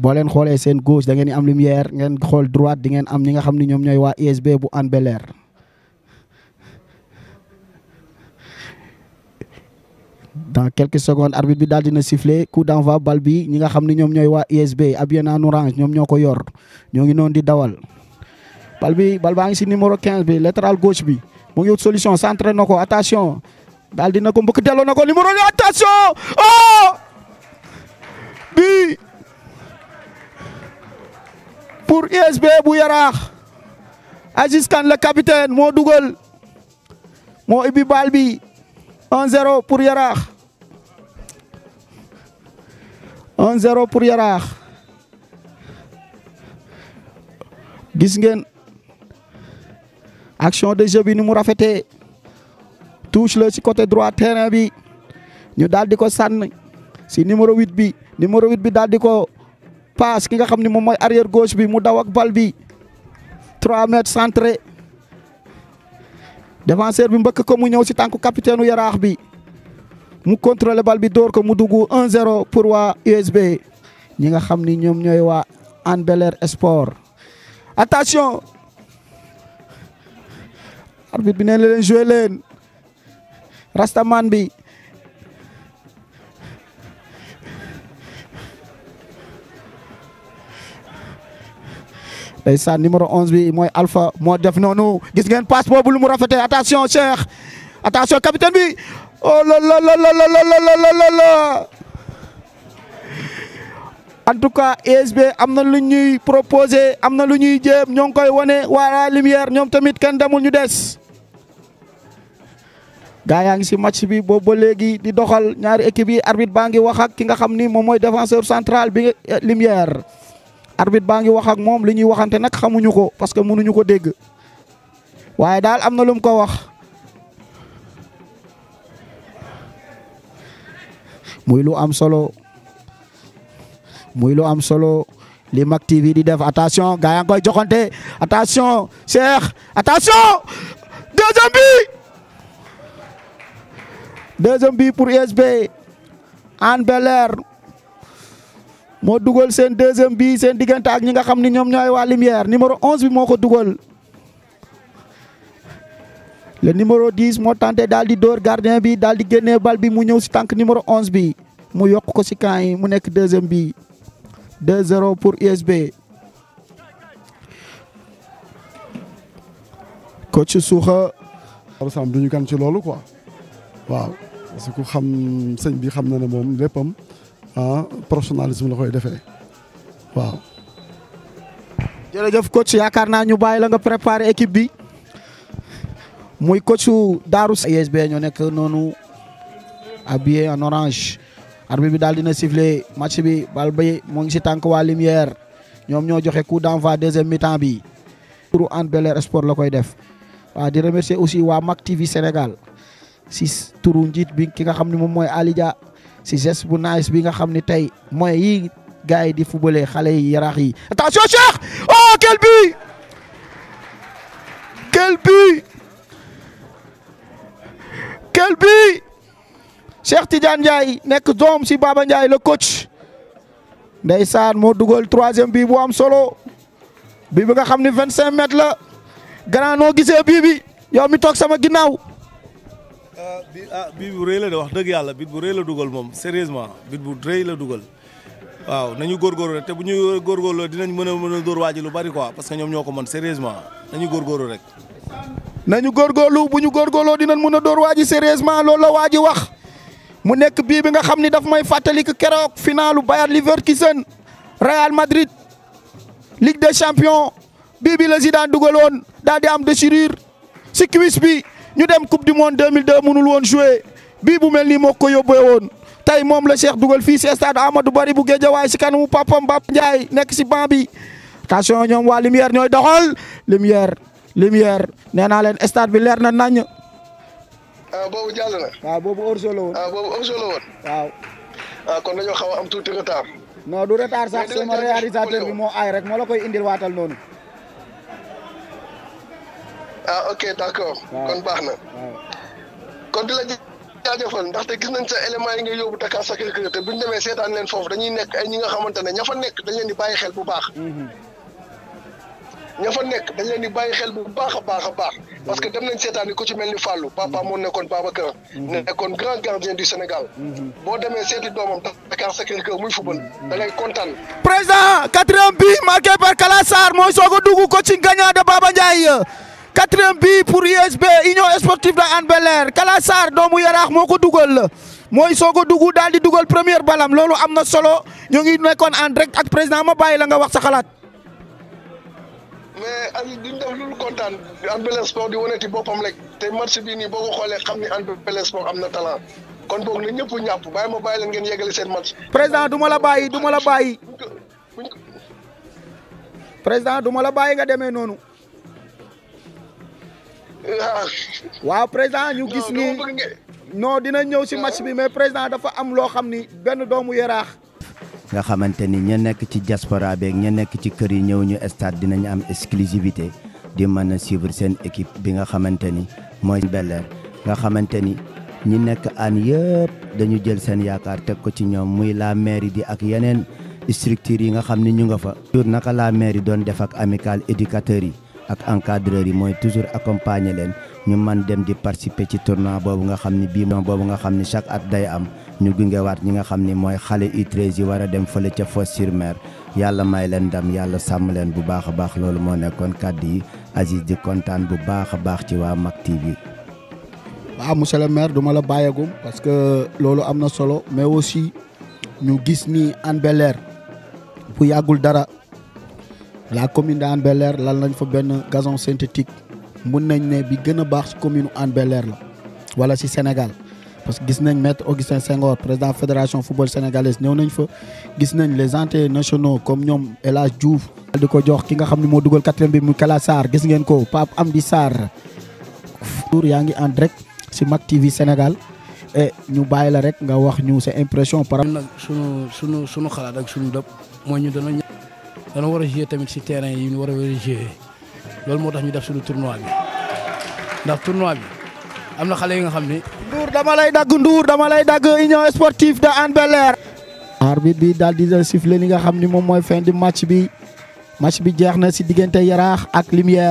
boo leen xoolee seen gauche da ngeen di am lumière ngeen xool droite di ngeen am ñi nga xam ne ñoom ñooy waa ISB e bu Hann bel dans quelques secondes arbitre bi daal dina siffler coup d'envoi bal bi ñi nga xam ne ñoom ñooy waa ISB e habillé en orange ñoom ñoo ko yor ñoo ngi noonu di dawal bal bi bal baa ngi si numéro 15 bi latéral gauche bi mu ngi wut solution centre na ko attention daal dina ko mbëkk delloo na ko attention oh! pour USB e bu yaraax Aziz Kane le capitaine moo dugal moo ibi bal bi 1-0 pour yaraax 1-0 pour yaraax gis ngeen action de jeu bi ni mu rafetee touche la ci côté droit terrain bi ñu daal di ko sànn ci numéro bi numéro 8 bi daal di passe ki nga xam ne moom mooy arrière gauche bi mu daw ak bal bi mètres centré défenseur bi mbëkk ko mu ñëw si tànku capitaine yaraax bi mu contrôlé bal bi dóor ko mu dugg 1-0 pour wa USB ñi nga xam ni ñoom ñooy waa Hann Bel-Air Sport attention arbitre bi nee na leen bi ndeysaan numéro onze bi mooy Alpha moo def noonu gis ngeen passe boobu lu mu rafetee attention Cheikh attention capitaine bi oh la la la la la en tout cas ESB am na lu ñuy proposé am na lu ñuy jéem ñoo ngi koy wane waa lumière ñoom tamit kenn demul ñu des. gaa yaa ngi si match bi boobu ba léegi di doxal ñaari équipe yi arbitre baa ngi wax ak ki nga xam ni moom mooy défenseur centrale bi lumière. arbitre baa ngi wax ak moom li ñuy waxante nag xamuñu ko parce que mënuñu ko dégg waaye daal am na lu mu ko wax muy lu am solo muy lu am solo li Mak TV di def attention gaa yaa ngi koy joxante attention Cheikh attention deuxième bi deuxième bi pour USHB Hann bel moo dugal seen deuxième bi seen diggante ak ñi nga xam ni ñoom ñooy waa Lumière numéro 11 bi moo ko dugal. le numéro 10 moo tenté daal di dóor gardien bi daal di génnee bal bi mu ñëw si tànk numéro 11 bi mu yokk ko si camp yi mu nekk deuxième bi 2-0 pour USB. ci Suuxa. Daaru Sam du ñu gan ci loolu quoi waaw parce que ku xam sëñ bi xam na ne moom léppam. ah professionnalisme la koy defee waaw. jërëjëf coach yaakaar naa ñu bàyyi la nga préparer équipe bi muy coach su Darou. ISB ñoo nekk noonu habillé en orange arbitre bi daal dina siffler match bi bal bi moo ngi si tànk waa Lumière ñoom ñoo joxe coup d'envoi deuxième mi bi. pour Hann bel Sport la koy def waaw di remercier aussi waa Mak TV Sénégal si turu njiit bi ki nga xam ne moom mooy Alidia. si geste bu nice bi nga xam ne tey mooy yi gars yi di footballé xale yi yaraax yi attention Cheikh oh quel but quel but quel but nekk doom si Baba Ndiaye le coach ndeysaan moo dugal troisième bii bu am solo bii bi nga xam ne vingt cinq mètres la gannaaw noo gisee bii mi toog sama ginnaaw bi ah, bu rëy la de wax dëgg yàlla bit bu rëy la dugal moom sérieusement bit bu rëy la dugal waaw nañu góorgóorlu rek te bu ñu góorgóorloo dinañ mën a mën a dóor waaji lu bari quoi parce que ñoom ñoo ko mën sérieusement nañu góorgóorlu rek nañu góorgóorlu bu ñu góorgóorloo dina mën a dóor waaji sérieusement loolu la waaji wax mu nekk bii bi nga xam ni daf may fàttali que keroog finalu Bayer Leverkusen Real Madrid Ligue des Champions bii bi la Zidane dugal woon daal di am déchirure ñu dem coupe du monde 2002 mënul woon jouer bii bu mel ni moo ko yóbbee woon tey moom la Cheikh dugal fii si stade du bari bu Guédiawaye si kanamu papam Bab Ndiaye nekk si banc bi attention ñoom waa lumière ñooy doxal lumière lumière nee naa leen stade bi leer na nañ. ah boobu jàll na. waaw ah, la woon. Ah, boobu orso woon. waaw. Ah, kon dañoo xaw a am tuuti retard. non du retard sax sama réalisateur bi moo aay rek moo la koy indil waatal noonu. ah ok d' kon baax na. kon di la jaajëfal ndaxte gis nañ sa élément yi nga yóbbu Dakar Sacré-Cœur te bu ñu demee seetaan leen foofu dañuy nekk ay ñi nga xamante ne ña fa nekk dañ leen bàyyi xel bu baax. Mm-hmm. ña nekk dañ leen di bàyyi xel bu baax a baax a baax mm-hmm. parce que dem nañ seetaan yi ku ci mel ni Fallou papa mm-hmm. moo nekkoon Babacar nekkoon grand gardien du Sénégal boo demee seeti doomam Dakar Sacré-Cœur muy football da ngay kontaan président quatrième bi marqué par Kala mooy soog a dugg coaching quatrième bi pour USB Union Sportive de Hann Bel-Air Kala Sarr doomu Yaraax moo ko dugal mooy soo ko dugg daal di dugal première balaam loolu am na solo ñoo ngi nekkoon en rek ak président ma bàyyi la nga wax sa xalaat. mais ay duñ def lu kontaan Hann Bel-Air Sport di wane ci boppam rek te match bii nii boo ko xoolee xam ni Hann Bel-Air Sport am na talent kon boog na ñëpp ñàpp bàyyi ma bàyyi leen ngeen yeggale seen match. président du ma la bàyyi du ma la bàyyi. président du ma la bàyyi nga demee noonu. waaw président ñu gis ni non dina ñëw si match bi mais président dafa am loo xam ni benn doomu yaraax. nga xamante ni ña nekk ci diaspora beeg ña nekk ci kër yi ñëw ñu stade dinañu am exclusivité di mën a suivre seen équipe bi nga xamante ni mooy bel nga xamante ni ñi nekk aan yëpp dañu jël seen yaakaar teg ko ci ñoom muy laa mairie di ak yeneen structures yi nga xam ni ñu nga fa. toujours naka la mairie doon def ak amical éducateurs yi. ak encadreur yi mooy toujours accompagner leen ñu man dem di participer ci tournoi boobu nga xam ni bii boobu nga xam ni chaque at day am ñu gungewaat ñi nga xam ni mooy xale u yi war a dem fële ca fos sur yàlla may leen ndam yàlla sàmm leen bu baax a baax loolu moo nekkoon kàddu yi Aziz di kontaan bu baax a baax ci waa Mak TV. waaw monsieur le maire du la bàyyeegum parce que loolu am na solo mais aussi ñu gis ni Hann Bel-Air bu yàggul dara. la commune de Hann Bel-Air lal nañ fa benn gazon synthétique mun nañ ne bi gën a baax ci commune Hann bel la wala si Sénégal parce que gis nañ maître Augustin Senghor président fédération football sénégalaise ñëw nañ fa gis nañ le anté nationaux comme ñoom El Hadj Diouf di ko jox ki nga xam ne moo dugal quatrième bi mu Kala Sarr gis ngeen ko Pape am Sarr tour yaa ngi en direct si Mak TV Sénégal e ñu bàyyi la rek nga wax ñu sa impression par nag sunu sunu sunu xalaat ak sunu dëpp dana war a jouer tamit si terrain yi ñu war a war a jouer loolu moo tax ñu def suñu tournoi bi ndax tournoi bi am na xale yi nga xam ne. Ndour dama lay dagg Ndour dama lay dagg Union Sportive de Hann Bel-Air. arbitre bi daal di siffler li nga xam ni moom mooy fin du match bi match bi jeex na si diggante Yaraax ak Lumière.